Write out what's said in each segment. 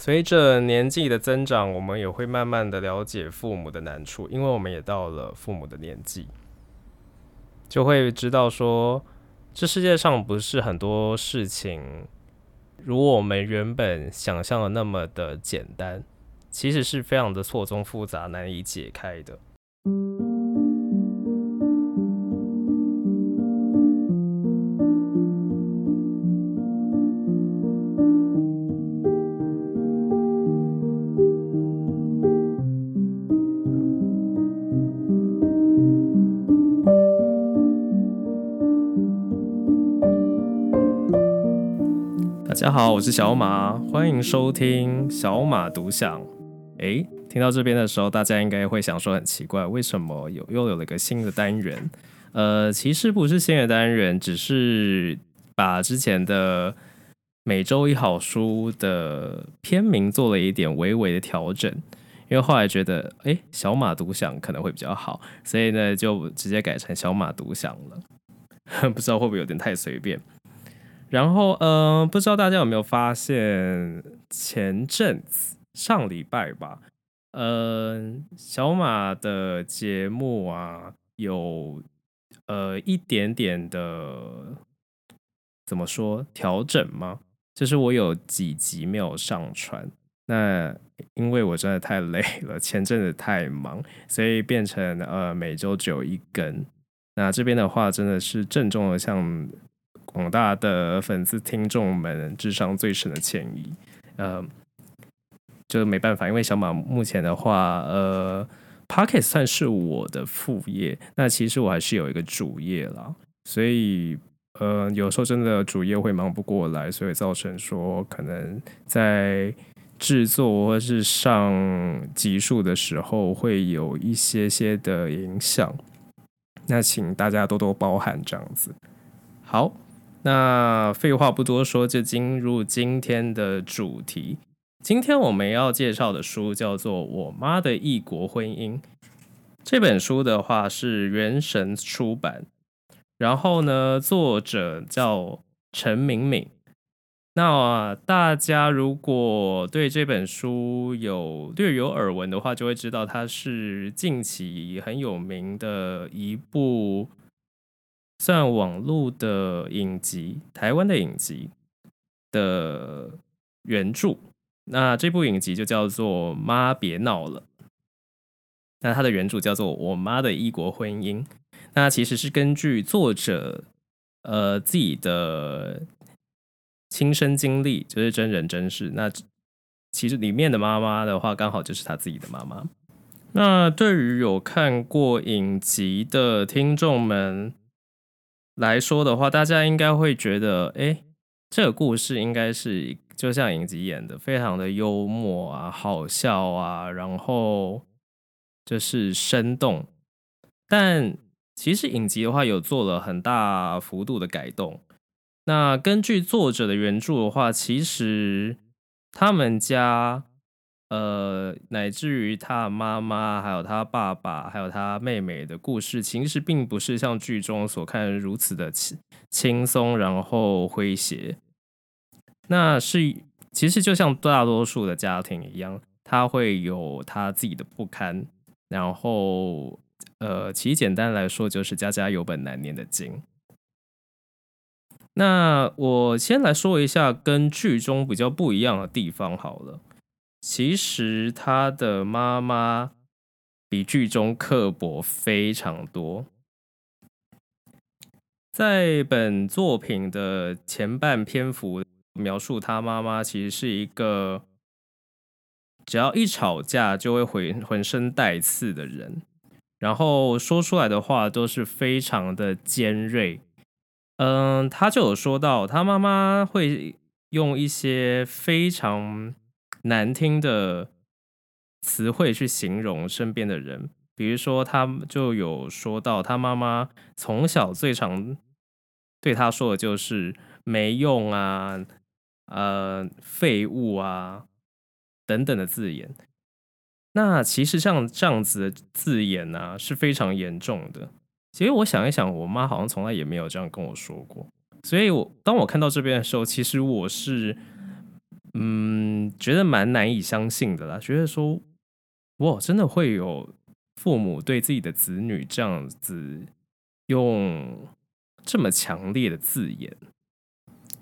隨着年紀的增長，我們也會慢慢的了解父母的難處，因為我們也到了父母的年紀，就會知道說，這世界上不是很多事情，如我們原本想象的那麼的簡單，其實是非常的錯綜複雜、難以解開的。大家好，我是小馬，歡迎收聽小馬讀享。誒、欸，聽到這邊的時候，大家應該會想說很奇怪，為什麼有又有了一個新的單元？呃，其實不是新的單元，只是把之前的每周一好書的片名做了一點微微的調整，因為後來覺得誒、欸，小馬讀享可能會比較好，所以呢，就直接改成小馬讀享了。不知道會不會有點太隨便？然後，嗯、呃，不知道大家有沒有發現，前陣子上禮拜吧，呃，小馬的節目啊，有呃一點點的怎麼說調整嗎？就是我有幾集沒有上傳，那因為我真的太累了，前陣子太忙，所以變成呃每周只有一更。那這邊的話，真的是鄭重的向。像廣大的粉絲聽眾們，致上最深的歉意。呃，這沒辦法，因為小馬目前的話，呃，Podcast 算是我的副業，那其實我還是有一個主業啦，所以呃，有時候真的主業會忙不過來，所以造成說可能在制作或是上集數的時候會有一些些的影響，那請大家多多包涵，這樣子好。那廢話不多說，就進入今天的主題。今天我們要介紹的書叫做《我媽的異國婚姻》，這本書的話是圓神出版，然後呢，作者叫陳名珉。那、啊、大家如果對這本書有略有耳聞的話，就會知道它是近期很有名的一部。算網絡的影集，台灣的影集的原著，那這部影集就叫做《媽別鬧了》，那它的原著叫做《我媽的異國婚姻》，那其實是根據作者呃自己的親身經歷，就是真人真事。那其實裡面的媽媽的話，剛好就是她自己的媽媽。那對於有看過影集的聽眾們。來說的話，大家應該會覺得，哎，這個故事應該是就像影集演的，非常的幽默啊，好笑啊，然後就是生動。但其實影集的話有做了很大幅度的改動。那根據作者的原著的話，其實他們家。呃，乃至於他媽媽、還有他爸爸、還有他妹妹的故事，其實並不是像劇中所看如此的輕鬆，然後詼諧。那是其實就像大多數的家庭一樣，他會有他自己的不堪。然後，呃，其實簡單來說就是家家有本難念的經。那我先來說一下跟劇中比較不一樣的地方，好了。其實他的媽媽比劇中刻薄非常多，在本作品的前半篇幅描述他媽媽，其實是一個只要一吵架就會渾渾身帶刺的人，然後說出來的話都是非常的尖銳。嗯，他就有說到他媽媽會用一些非常。難聽的詞彙去形容身邊的人，比如說他就有說到，他媽媽從小最常對他說的就是“沒用啊，呃，廢物啊”等等的字眼。那其實像這樣子的字眼呢，是非常嚴重的。其實我想一想，我媽好像從來也沒有這樣跟我說過。所以我，我當我看到這邊的時候，其實我是。嗯，覺得蠻難以相信的啦。覺得說，哇，真的會有父母對自己的子女這樣子用這麼強烈的字眼，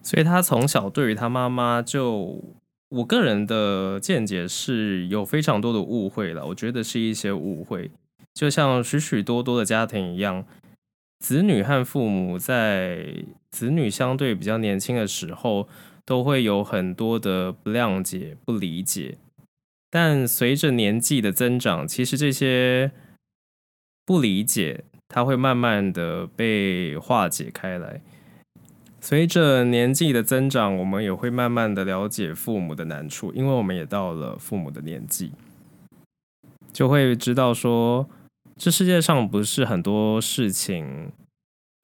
所以他從小對於他媽媽，就我個人的見解是有非常多的誤會啦。我覺得是一些誤會，就像許許多多的家庭一樣，子女和父母在子女相對比較年輕的時候。都會有很多的不諒解、不理解，但隨着年紀的增長，其實這些不理解，它會慢慢的被化解開來。隨着年紀的增長，我們也會慢慢的了解父母的難處，因為我們也到了父母的年紀，就會知道說，這世界上不是很多事情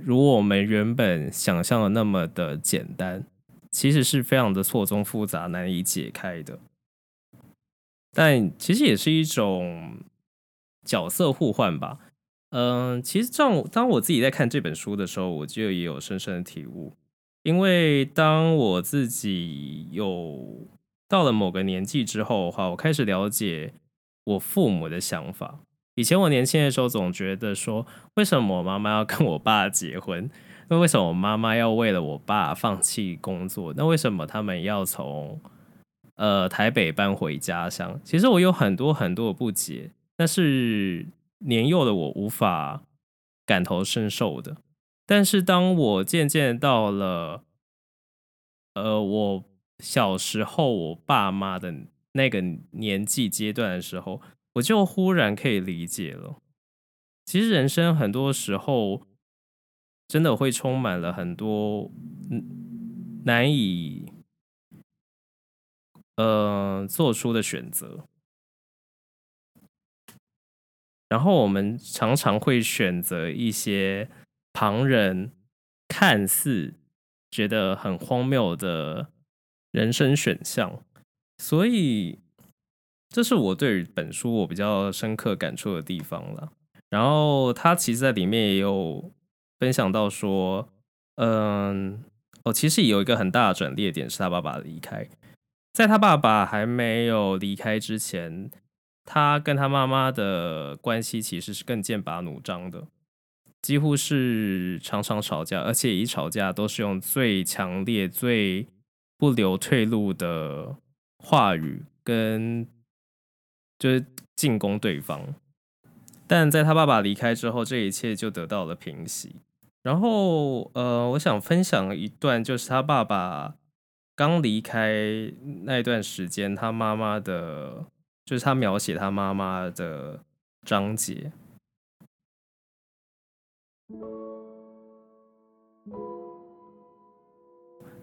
如我們原本想象的那麼的簡單。其實是非常的錯綜複雜、難以解開的，但其實也是一種角色互換吧。嗯，其實這樣，當我自己在看這本書的時候，我就也有深深的體悟。因為當我自己有到了某個年紀之後的話，我開始了解我父母的想法。以前我年輕的時候，總覺得說，為什麼我媽媽要跟我爸結婚？那為什麼我媽媽要為了我爸放棄工作？那為什麼他們要從呃台北搬回家鄉？其實我有很多很多的不解，那是年幼的我無法感同身受的。但是當我漸漸到了呃我小時候我爸媽的那個年紀階段的時候，我就忽然可以理解了。其實人生很多時候，真的會充滿了很多難以，呃，做出的選擇，然後我們常常會選擇一些旁人看似覺得很荒謬的人生選項，所以這是我對本書我比較深刻感觸的地方了。然後它其實，在裡面也有。分享到說，嗯，哦，其實有一個很大的轉捩點是他爸爸的離開。在他爸爸還沒有離開之前，他跟他媽媽的關係其實是更劍拔弩張的，幾乎是常常吵架，而且一吵架都是用最強烈、最不留退路的話語跟就是進攻對方。但在他爸爸離開之後，這一切就得到了平息。然後，呃，我想分享一段，就是他爸爸剛離開那一段時間，他媽媽的，就是他描寫他媽媽的章節。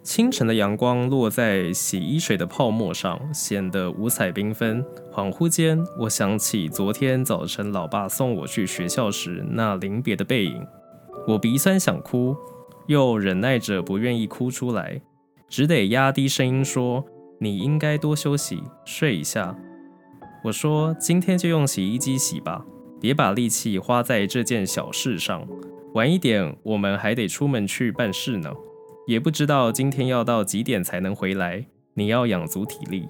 清晨的陽光落在洗衣水的泡沫上，顯得五彩繽紛。恍惚間，我想起昨天早晨老爸送我去學校時那臨別的背影，我鼻酸想哭，又忍耐着不願意哭出來，只得壓低聲音說：“你應該多休息，睡一下。”我說：“今天就用洗衣機洗吧，別把力氣花在這件小事上。晚一點我們還得出門去辦事呢。”也不知道今天要到幾點才能回來。你要養足體力。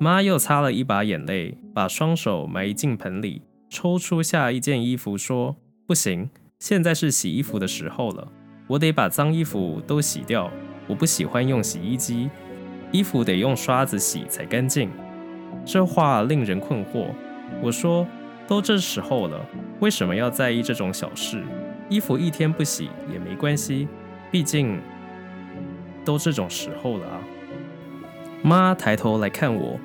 媽又擦了一把眼淚，把雙手埋進盆裡，抽出下一件衣服，說：“不行，現在是洗衣服的時候了，我得把髒衣服都洗掉。我不喜歡用洗衣機，衣服得用刷子洗才乾淨。”這話令人困惑。我說：“都這時候了，為什麼要在意這種小事？衣服一天不洗也沒關係，畢竟……”都這種時候了啊！媽抬頭來看我，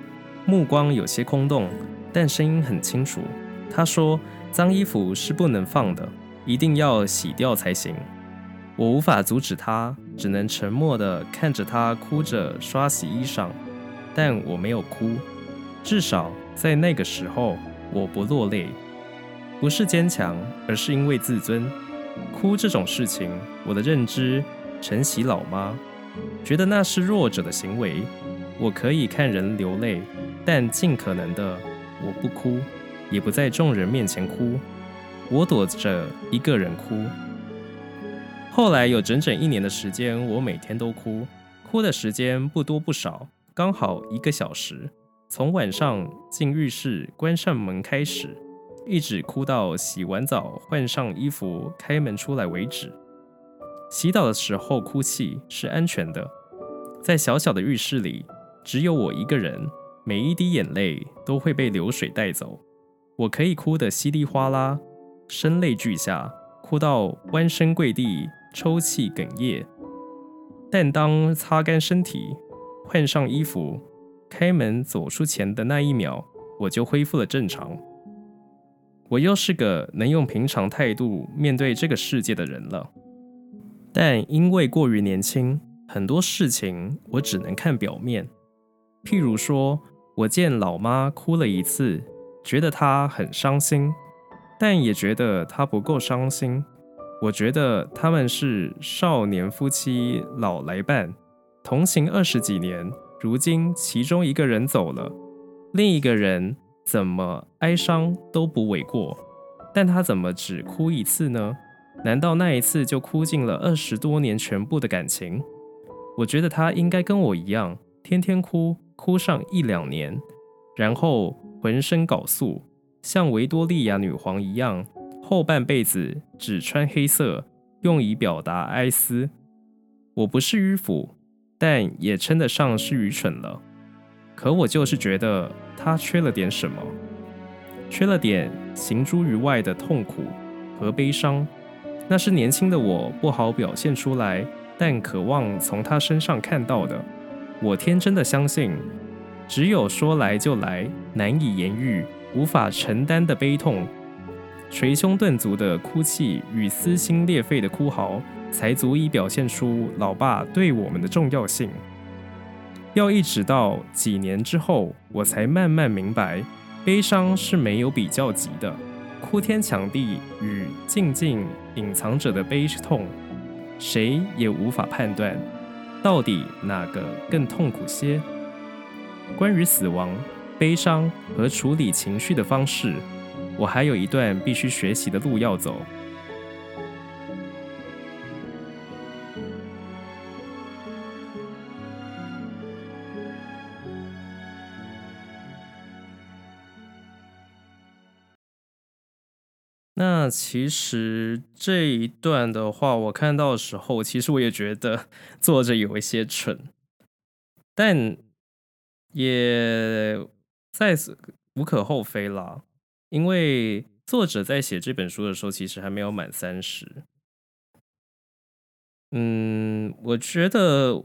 目光有些空洞，但聲音很清楚。她說：“髒衣服是不能放的，一定要洗掉才行。”我無法阻止她，只能沉默地看着她哭着刷洗衣裳。但我沒有哭，至少在那個時候，我不落淚。不是堅強，而是因為自尊。哭這種事情，我的認知承襲老媽。覺得那是弱者的行為。我可以看人流淚，但盡可能的我不哭，也不在眾人面前哭，我躲着一個人哭。後來有整整一年的時間，我每天都哭，哭的時間不多不少，剛好一個小時，從晚上進浴室關上門開始，一直哭到洗完澡換上衣服開門出來為止。洗澡的時候哭泣是安全的，在小小的浴室裡，只有我一個人，每一滴眼淚都會被流水帶走。我可以哭得稀里嘩啦，聲淚俱下，哭到彎身跪地，抽泣哽咽。但當擦乾身體，換上衣服，開門走出前的那一秒，我就恢復了正常。我又是個能用平常態度面對這個世界的人了。但因為過於年輕，很多事情我只能看表面。譬如說，我見老媽哭了一次，覺得她很傷心，但也覺得她不夠傷心。我覺得他們是少年夫妻老來伴，同行二十幾年，如今其中一個人走了，另一個人怎麼哀傷都不為過。但他怎麼只哭一次呢？難道那一次就哭盡了二十多年全部的感情？我覺得他應該跟我一樣，天天哭，哭上一兩年，然後渾身縞素，像維多利亞女皇一樣，後半輩子只穿黑色，用以表達哀思。我不是迂腐，但也稱得上是愚蠢了。可我就是覺得他缺了點什麼，缺了點形諸於外的痛苦和悲傷。那是年輕的我不好表現出來，但渴望從他身上看到的。我天真的相信，只有說來就來、難以言喻、無法承擔的悲痛，捶胸頓足的哭泣與撕心裂肺的哭嚎，才足以表現出老爸對我們的重要性。要一直到幾年之後，我才慢慢明白，悲傷是沒有比較級的。哭天搶地與靜靜隱藏着的悲痛，誰也無法判斷，到底哪個更痛苦些？關於死亡、悲傷和處理情緒的方式，我還有一段必須學習的路要走。其實這一段的話，我看到的時候，其實我也覺得作者有一些蠢，但也在此無可厚非啦，因為作者在寫這本書的時候，其實還沒有滿三十。嗯，我覺得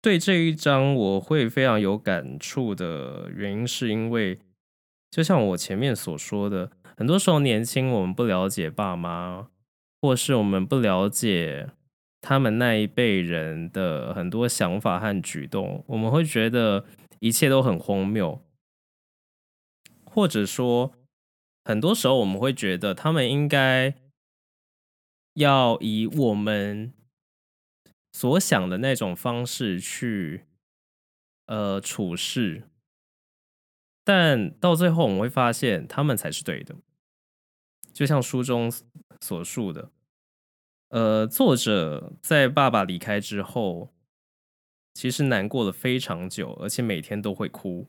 對這一章我會非常有感觸的原因，是因為就像我前面所說的。很多時候年輕，我們不了解爸媽，或是我們不了解他們那一輩人的很多想法和舉動，我們會覺得一切都很荒謬，或者說，很多時候我們會覺得他們應該要以我們所想的那種方式去呃處事。但到最後，我們會發現他們才是對的，就像書中所述的，呃，作者在爸爸離開之後，其實難過了非常久，而且每天都會哭。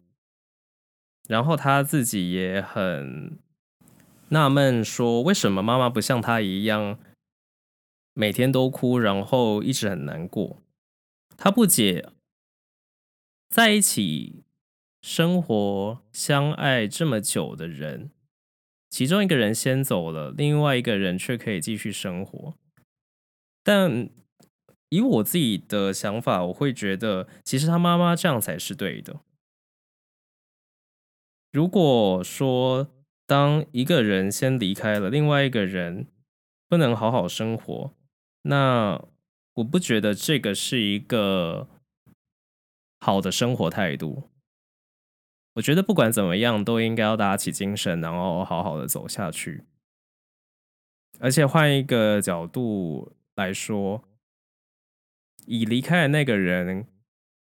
然後他自己也很納悶，說為什麼媽媽不像他一樣每天都哭，然後一直很難過？他不解，在一起。生活相愛這麼久的人，其中一個人先走了，另外一個人卻可以繼續生活。但以我自己的想法，我會覺得其實他媽媽這樣才是對的。如果說當一個人先離開了，另外一個人不能好好生活，那我不覺得這個是一個好的生活態度。我覺得不管怎麼樣，都應該要打起精神，然後好好的走下去。而且換一個角度來說，已離開的那個人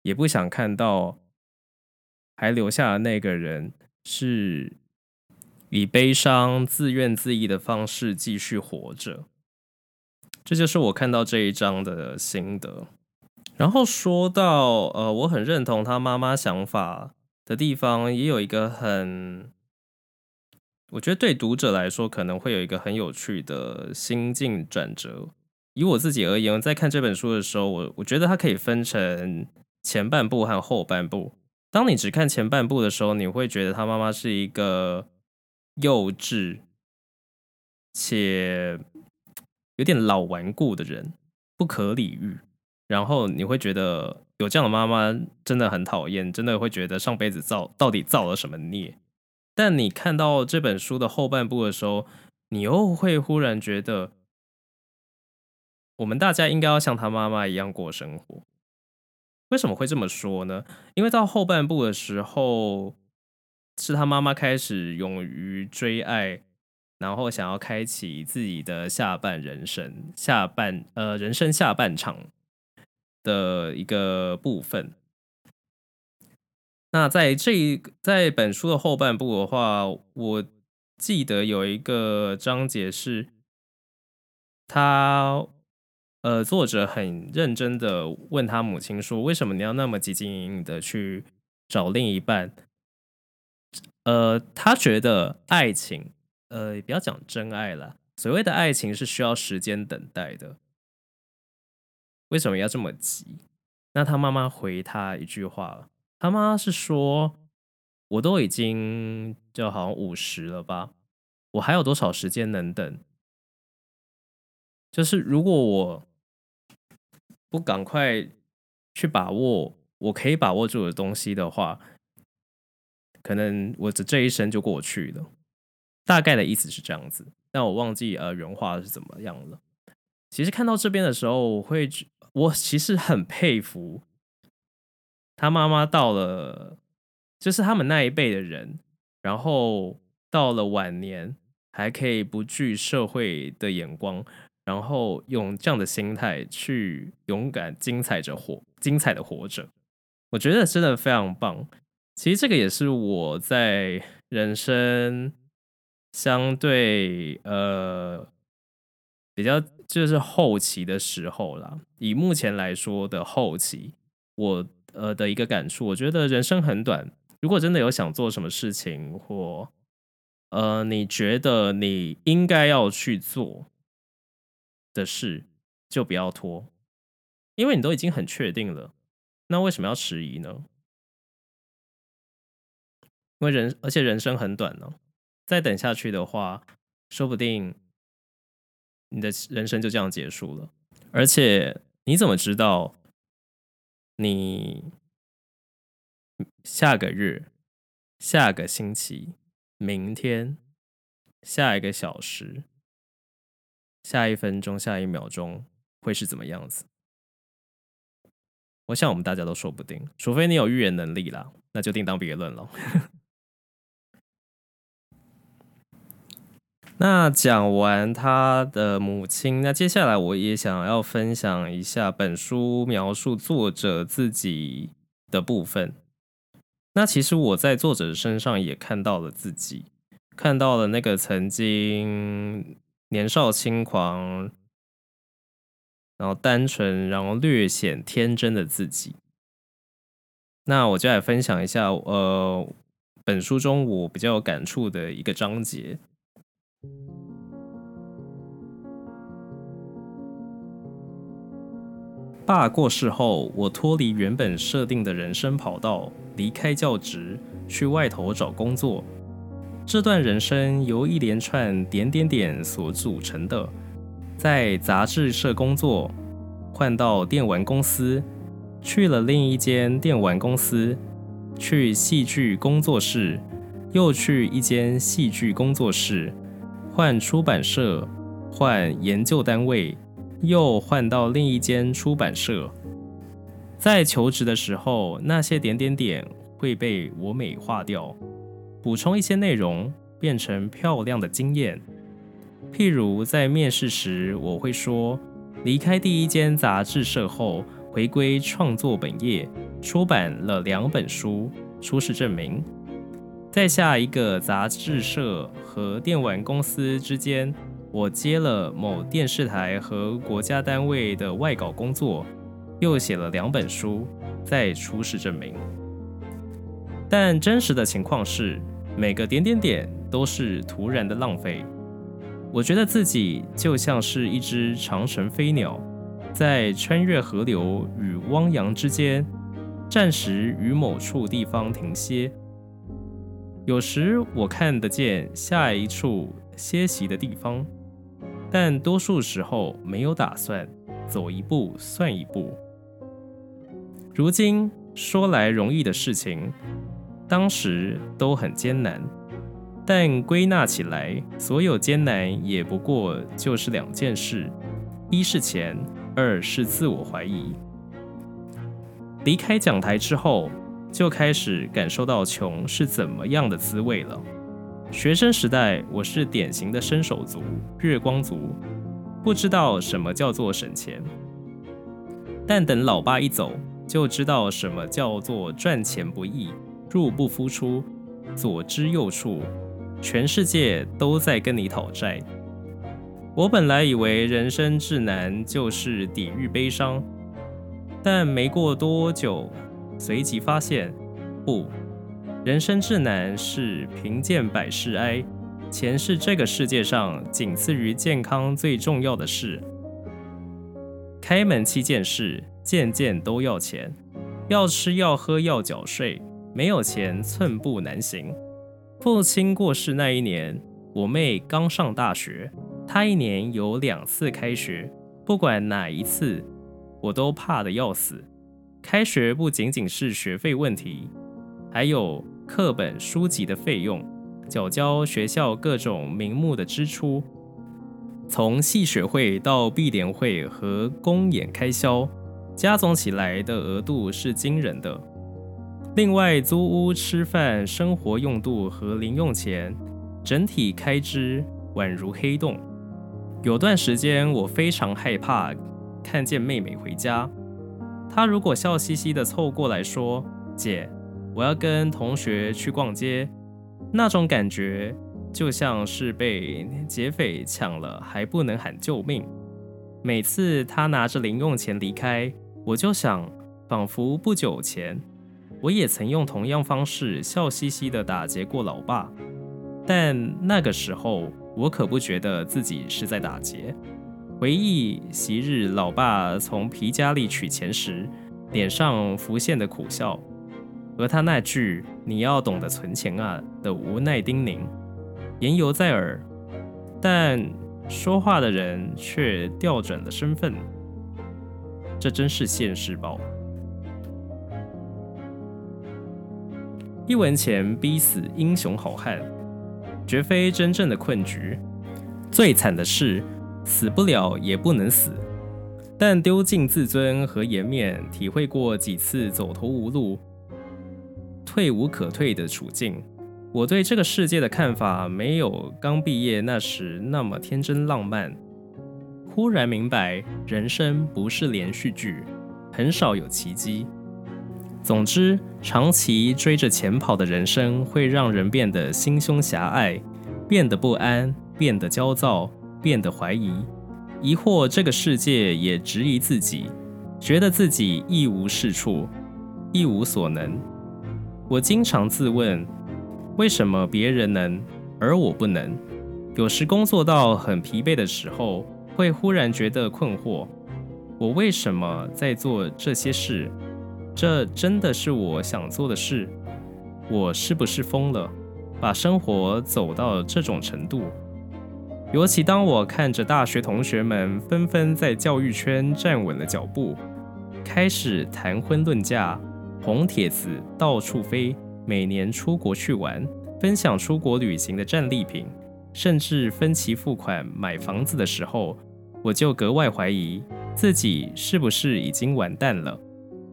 也不想看到，還留下的那個人是以悲傷、自怨自艾的方式繼續活着。這就是我看到這一章的心得。然後說到，呃，我很認同他媽媽想法。的地方也有一個很，我覺得對讀者來說可能會有一個很有趣的心境轉折。以我自己而言，我在看這本書的時候，我我覺得它可以分成前半部和後半部。當你只看前半部的時候，你會覺得他媽媽是一個幼稚且有點老頑固的人，不可理喻。然後你會覺得有這樣的媽媽真的很討厭，真的會覺得上輩子造到底造了什麼孽？但你看到這本書的後半部的時候，你又會忽然覺得，我們大家應該要像他媽媽一樣過生活。為什麼會這麼說呢？因為到後半部的時候，是他媽媽開始勇於追愛，然後想要開啟自己的下半人生，下半呃人生下半場的一個部分。那在這在本書的後半部的話，我記得有一個章節是，他呃作者很認真的問他母親說：“為什麼你要那麼急急忙忙的去找另一半？”呃，他覺得愛情，呃，不要講真愛了。所謂的愛情是需要時間等待的。為什麼要這麼急？那他媽媽回他一句話了。他媽是說：“我都已經就好像五十了吧，我還有多少時間能等？就是如果我不趕快去把握，我可以把握住的東西的話，可能我的這一生就過去了。”大概的意思是這樣子，但我忘記呃原話是怎麼樣了。其實看到這邊的時候，我會。我其實很佩服他媽媽，到了就是他們那一輩的人，然後到了晚年還可以不懼社會的眼光，然後用這樣的心態去勇敢、精彩着活、精彩的活着。我覺得真的非常棒。其實這個也是我在人生相對呃比較。這是後期的時候了，以目前來說的後期，我呃的一個感觸，我覺得人生很短。如果真的有想做什麼事情或呃，你覺得你應該要去做的事，就不要拖，因為你都已經很確定了。那為什麼要遲疑呢？因為人，而且人生很短呢、啊，再等下去的話，說不定。你的人生就這樣結束了，而且你怎麼知道你下個月、下個星期、明天、下一個小時、下一分鐘、下一秒鐘會是怎麼樣子？我想我們大家都說不定，除非你有預言能力啦，那就另當別論了。那講完他的母親，那接下來我也想要分享一下本書描述作者自己的部分。那其實我在作者身上也看到了自己，看到了那個曾經年少輕狂，然後單純，然後略顯天真的自己。那我就來分享一下，呃，本書中我比較有感觸的一個章節。.爸過世後，我脫離原本設定的人生跑道，離開教職，去外頭找工作。這段人生由一連串點點點所組成的，在雜誌社工作，換到電玩公司，去了另一間電玩公司，去戲劇工作室，又去一間戲劇工作室。換出版社，換研究單位，又換到另一間出版社。在求職的時候，那些點點點會被我美化掉，補充一些內容，變成漂亮的經驗。譬如在面試時，我會說：離開第一間雜誌社後，回歸創作本業，出版了兩本書，出示證明。在下一個雜誌社和電玩公司之間，我接了某電視台和國家單位的外稿工作，又寫了兩本書，在出示證明。但真實的情況是，每個點點點都是徒然的浪費。我覺得自己就像是一隻長程飛鳥，在穿越河流與汪洋之間，暫時於某處地方停歇。有時我看得見下一處歇息的地方，但多數時候沒有打算，走一步算一步。如今說來容易的事情，當時都很艱難，但歸納起來，所有艱難也不過就是兩件事，一是錢，二是自我懷疑。離開講臺之後。就開始感受到窮是怎麼樣的滋味了。學生時代，我是典型的伸手族、月光族，不知道什麼叫做省錢。但等老爸一走，就知道什麼叫做賺錢不易，入不敷出，左支右絀，全世界都在跟你討債。我本來以為人生至難就是抵禦悲傷，但沒過多久。隨即發現，不，人生至難是貧賤百事哀，錢是這個世界上僅次於健康最重要的事。開門七件事，件件都要錢，要吃要喝要繳稅，沒有錢寸步難行。父親過世那一年，我妹剛上大學，她一年有兩次開學，不管哪一次，我都怕得要死。開學不僅僅是學費問題，還有課本書籍的費用、繳交學校各種名目的支出，從系學會到畢典會和公演開銷，加總起來的額度是驚人的。另外，租屋、吃飯、生活用度和零用錢，整體開支宛如黑洞。有段時間，我非常害怕看見妹妹回家。他如果笑嘻嘻的湊過來說：“姐，我要跟同學去逛街。”那種感覺就像是被劫匪搶了還不能喊救命。每次他拿着零用錢離開，我就想，仿佛不久前我也曾用同樣方式笑嘻嘻的打劫過老爸，但那個時候我可不覺得自己是在打劫。回憶昔日老爸從皮夾裡取錢時，臉上浮現的苦笑，而他那句“你要懂得存錢啊”的無奈叮嚀，言猶在耳。但說話的人卻調轉了身份，這真是現世報！一文錢逼死英雄好漢，絕非真正的困局。最慘的是。死不了也不能死，但丟盡自尊和顏面，體會過幾次走投無路、退無可退的處境，我對這個世界的看法沒有剛畢業那時那麼天真浪漫。忽然明白，人生不是連續劇，很少有奇跡。總之，長期追着錢跑的人生會讓人變得心胸狹隘，變得不安，變得焦躁。變得懷疑、疑惑這個世界，也質疑自己，覺得自己一無是處，一無所能。我經常自問：為什麼別人能，而我不能？有時工作到很疲憊的時候，會忽然覺得困惑：我為什麼在做這些事？這真的是我想做的事？我是不是瘋了？把生活走到這種程度？尤其當我看着大學同學們紛紛在教育圈站穩了腳步，開始談婚論嫁，紅帖子到處飛，每年出國去玩，分享出國旅行的戰利品，甚至分期付款買房子的時候，我就格外懷疑自己是不是已經完蛋了，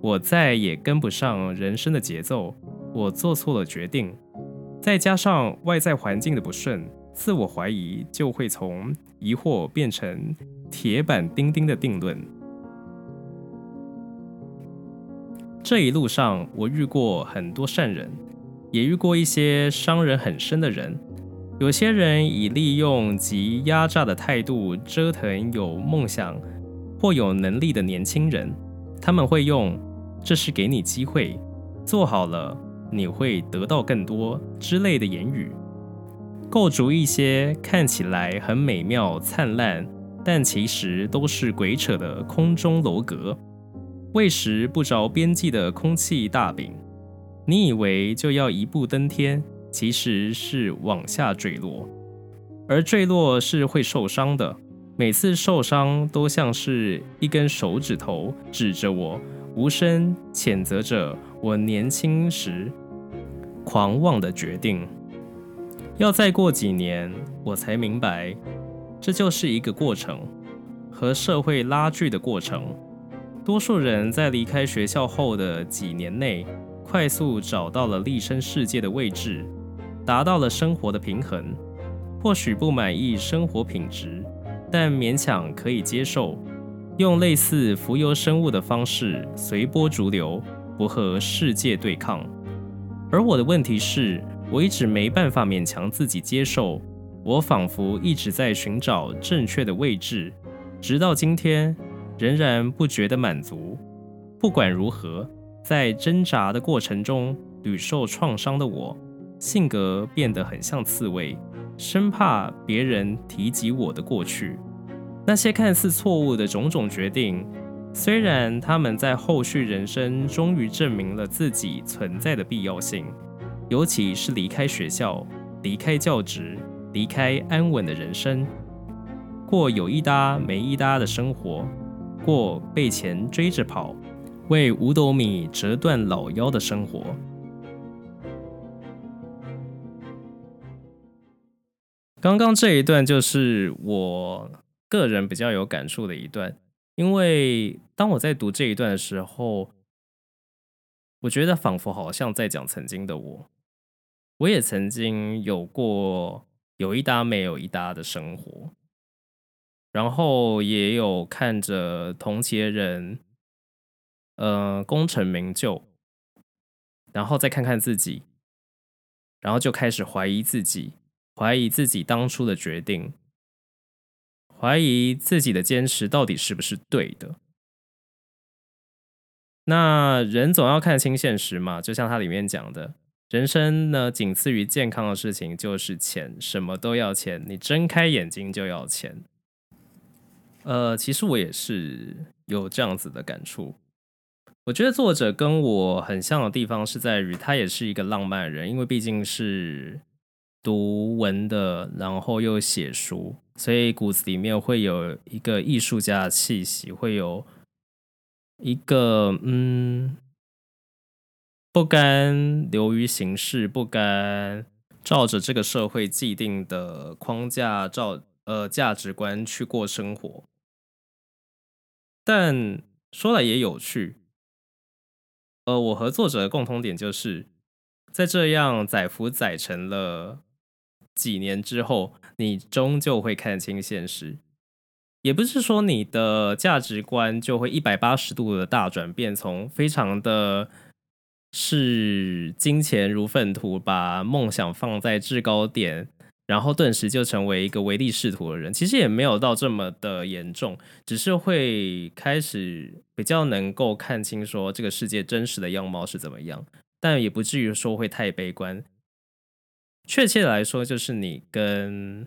我再也跟不上人生的節奏，我做錯了決定，再加上外在環境的不順。自我懷疑就會從疑惑變成鐵板釘釘的定論。這一路上，我遇過很多善人，也遇過一些傷人很深的人。有些人以利用及壓榨的態度折騰有夢想或有能力的年輕人，他們會用“這是給你機會，做好了你會得到更多”之類的言語。構築一些看起來很美妙、燦爛，但其實都是鬼扯的空中樓閣，餵食不着邊際的空氣大餅。你以為就要一步登天，其實是往下墜落，而墜落是會受傷的。每次受傷都像是一根手指頭指着我，無聲譴責着我年輕時狂妄的決定。要再過幾年，我才明白，這就是一個過程，和社會拉鋸的過程。多數人在離開學校後的幾年內，快速找到了立身世界的位置，達到了生活的平衡。或許不滿意生活品質，但勉強可以接受，用類似浮游生物的方式隨波逐流，不和世界對抗。而我的問題是，我一直沒辦法勉強自己接受，我仿佛一直在尋找正確的位置，直到今天仍然不覺得滿足。不管如何，在掙扎的過程中屢受創傷的我，性格變得很像刺蝟，生怕別人提及我的過去。那些看似錯誤的種種決定，雖然他們在後續人生終於證明了自己存在的必要性。尤其是離開學校、離開教職、離開安穩的人生，過有一搭沒一搭的生活，過被錢追着跑、為五斗米折斷老腰的生活。剛剛這一段就是我個人比較有感觸的一段，因為當我在讀這一段的時候，我覺得仿佛好像在講曾經的我。我也曾經有過有一搭沒有一搭的生活，然後也有看着同階人，呃，功成名就，然後再看看自己，然後就開始懷疑自己，懷疑自己當初的決定，懷疑自己的堅持到底是不是對的。那人總要看清現實嘛，就像他裡面講的。人生呢，僅次於健康的事情就是錢，什麼都要錢，你睜開眼睛就要錢。呃，其實我也是有這樣子的感觸。我覺得作者跟我很像的地方是在於，他也是一個浪漫人，因為畢竟是讀文的，然後又寫書，所以骨子裡面會有一個藝術家的氣息，會有一個嗯。不甘流於形式，不甘照着這個社會既定的框架照、照呃價值觀去過生活。但說來也有趣，呃，我和作者的共同點就是，在這樣載浮載沉了幾年之後，你終究會看清現實。也不是說你的價值觀就會一百八十度的大轉變，從非常的。視金錢如糞土，把夢想放在制高點，然後頓時就成為一個唯利是圖的人。其實也沒有到這麼的嚴重，只是會開始比較能夠看清說這個世界真實的樣貌是怎麼樣，但也不至於說會太悲觀。確切來說，就是你跟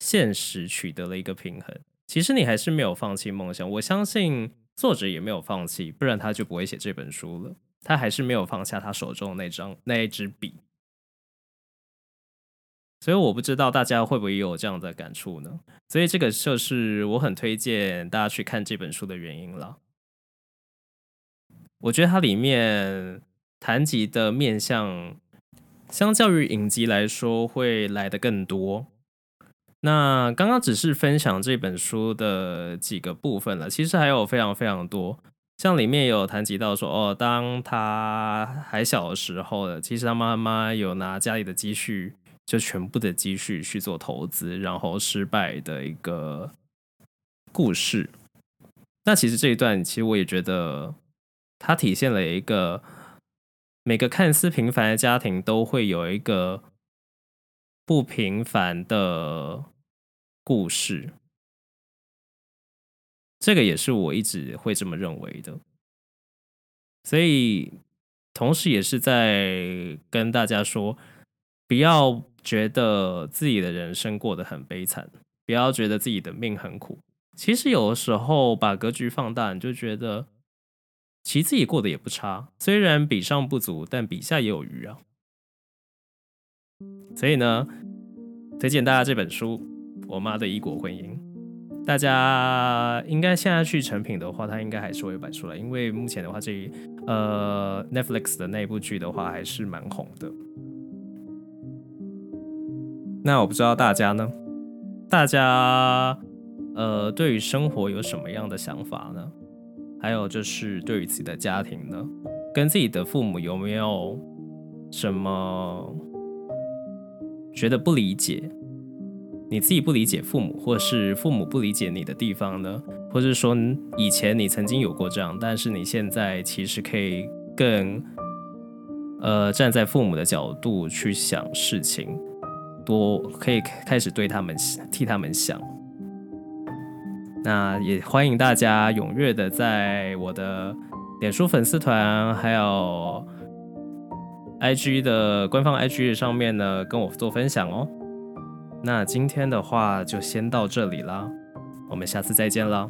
現實取得了一個平衡。其實你還是沒有放棄夢想，我相信作者也沒有放棄，不然他就不會寫這本書了。他還是沒有放下他手中的那一張那一支筆，所以我不知道大家會不會有這樣的感觸呢？所以這個就是我很推薦大家去看這本書的原因了。我覺得它裡面談及的面向，相較於影集來說會來得更多。那剛剛只是分享這本書的幾個部分了，其實還有非常非常多。像裡面有談及到說哦，當他還小的時候，其實他媽媽有拿家裡的積蓄，就全部的積蓄去做投資，然後失敗的一個故事。那其實這一段，其實我也覺得，它體現了一個每個看似平凡的家庭都會有一個不平凡的故事。這個也是我一直會這麼認為的，所以同時也是在跟大家說，不要覺得自己的人生過得很悲慘，不要覺得自己的命很苦。其實有的時候把格局放大，你就覺得其實自己過得也不差，雖然比上不足，但比下也有餘啊。所以呢，推薦大家這本書《我媽的異國婚姻》。大家應該現在去成品的話，它應該還是會擺出來，因為目前的話這，這呃，Netflix 的那部劇的話還是蠻紅的。那我不知道大家呢，大家呃，對於生活有什麼樣的想法呢？還有就是對於自己的家庭呢，跟自己的父母有沒有什麼覺得不理解？你自己不理解父母，或是父母不理解你的地方呢？或是說，以前你曾經有過這樣，但是你現在其實可以更，呃，站在父母的角度去想事情，多可以開始對他們，替他們想。那也歡迎大家踴躍的在我的臉書粉絲團，還有 IG 的官方 IG 上面呢，跟我做分享哦。那今天的話就先到這裡啦，我們下次再見啦。